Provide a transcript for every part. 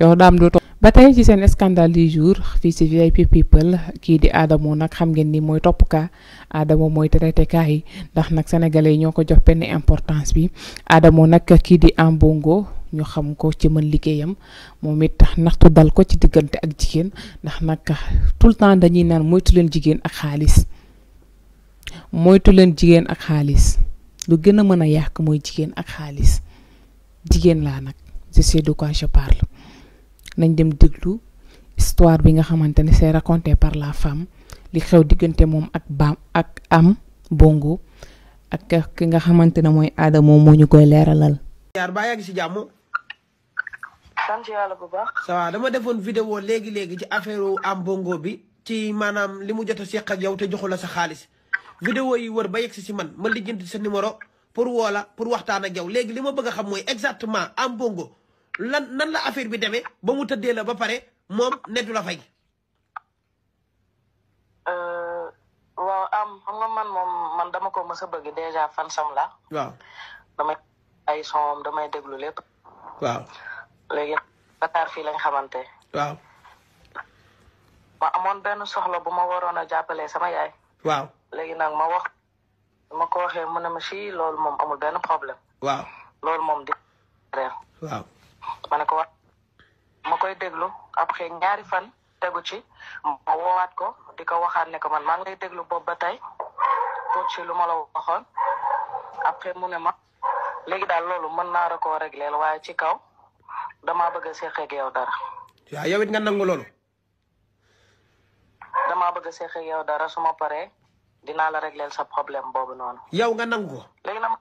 yow daam dootoo ba tey ci seen scandale du jour fii ci VIP people kii di Adamo nag xam ngeen ni mooy topp kaa Adamo mooy traité kaa yi ndax nag sénégalais yi jox importance bi Adamo nag kii di ambongo Bongo ñu xam ko ci mën liggéeyam moom it naxtu dal ko ci diggante ak jigéen ndax nag tout le temps dañuy naan moytu leen jigéen ak xaalis moytu leen ak lu ak je sais de quoi je parle nañ dem déglu histoire bi nga xamantene c'est raconté par la femme li xew diggante mom ak bam ak am bongo ak ki nga xamantene moy mooy aadamoo moo ñu koy leeralal. yaar baa yàgg si jàmm. sant yàlla bu baax. ça va dama defone vidéo légui légui ci affaire am bongo bi ci manam limu mu sékk ak yow té joxula sa xaalis. vidéo yi wër ba yegg ci man ma lijjanti sa numéro pour wola la pour waxtaan ak yow légui li bëgg xam moy exactement am bongo lan nan la affaire bi demee ba mu tëddee la ba pare moom ne du la fay. Euh, am xam man moom man dama ko mës a bëgg déjà fan sam la. waaw ay son damay déglu lépp. waaw léegi fii lañ xamante. waaw. ma amoon benn soxla bu ma waroon a jàppalee sama yaay. waaw léegi nag ma wax ma ko waxee mu ne ma si loolu moom amul benn problème. waaw loolu moom di. waaw. ma ne ko wax ma koy déglu après ñaari fan tegu ci ma woowaat ko di ko waxaat ne ko man maa ngi lay déglu boobu ba tey pour ci lu ma la waxoon après mu ne ma léegi daal loolu mën naa la koo régleel waaye ci kaw damaa bëgg a seq dara. waaw yow it nga nangu loolu. damaa bëgg a seq yow dara su ma paree dinaa la régleel sa problème boobu noonu. yow nga nangu ko. léegi nag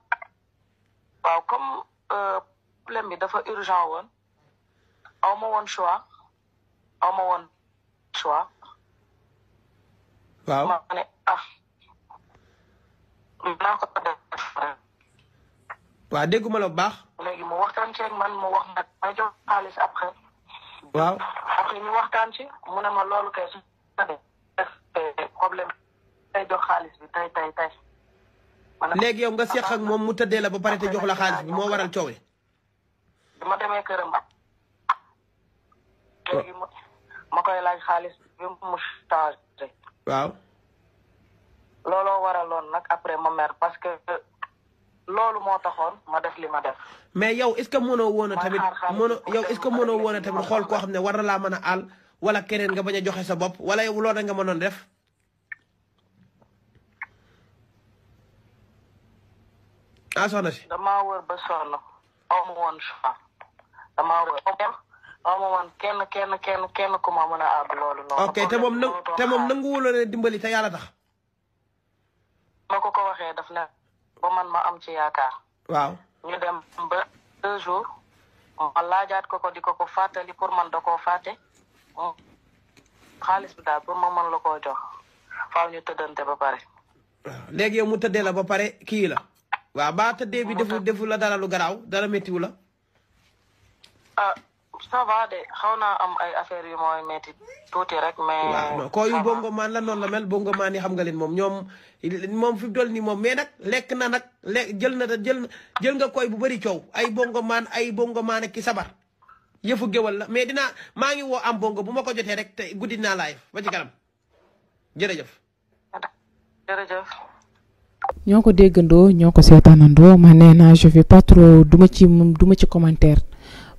waaw comme euh, problème bi dafa urgent woon aw ma woon choix aw ma woon choix. waaw ma ne ah. bu baax. léegi moo waxtaan ceeg man mu wax nag ma jox xaalis waxtaan ci mu ne ma loolu kay problème tey jox xaalis tey tey tey. léegi yow nga seq ak moom mu tëddee la ba pare te jox la xaalis moo waral coow ma demee këram. léegi oh. ma koy laaj xaalis bi mu waaw. looloo waraloon nag après ma mer parce que loolu moo taxoon ma def li ma def. mais yow est ce que mënoo woon a tamit mënoo yow est xool koo xam ne war na laa mën a àll wala keneen nga bañ a joxe sa bopp wala yow loolu nga mënoon def. ah soxna si. damaa wër kenn kenn kenn kenn ku ma mën a àgg ok te moom nag te moom nanguwuloo ne te yàlla tax. ma ko ko waxee daf ne ba man ma am ci yaakaar. waaw ñu dem ba deux jours laajaat ko ko di ko ko fàttali pour man da koo fàtte xaalis bi daal pour ma mën la koo jox faaw ñu tëddante ba pare. léegi mu tëddee la ba pare kii la. waaw baa tëddee bi defu defu la dara lu garaaw dara méttiwu la. a ah, ça xaw naa am ay affaires yu mooy métti tuuti rek. mais waaw non xam nga leen moom ñoom fi mu toll nii moom mais nag lekk na nag jël na jël jël nga koy bu bari coow ay bongo maan ay bongo maan ak sabar yëfu géwal la mais dinaa maa ngi woo am bongo bu ma ko jotee rek te guddi naa laay ba ci kanam jërëjëf. ñoo ko déggandoo ñoo ko seetaanandoo ma nee naa je duma ci duma ci commentaire.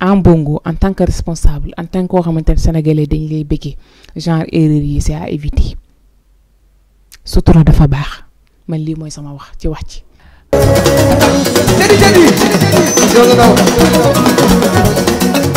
en bongo en tant que responsable en tant que sénégalais dañ lay béggé genre erreur à éviter sutura dafa baax man lii mooy sama wax ci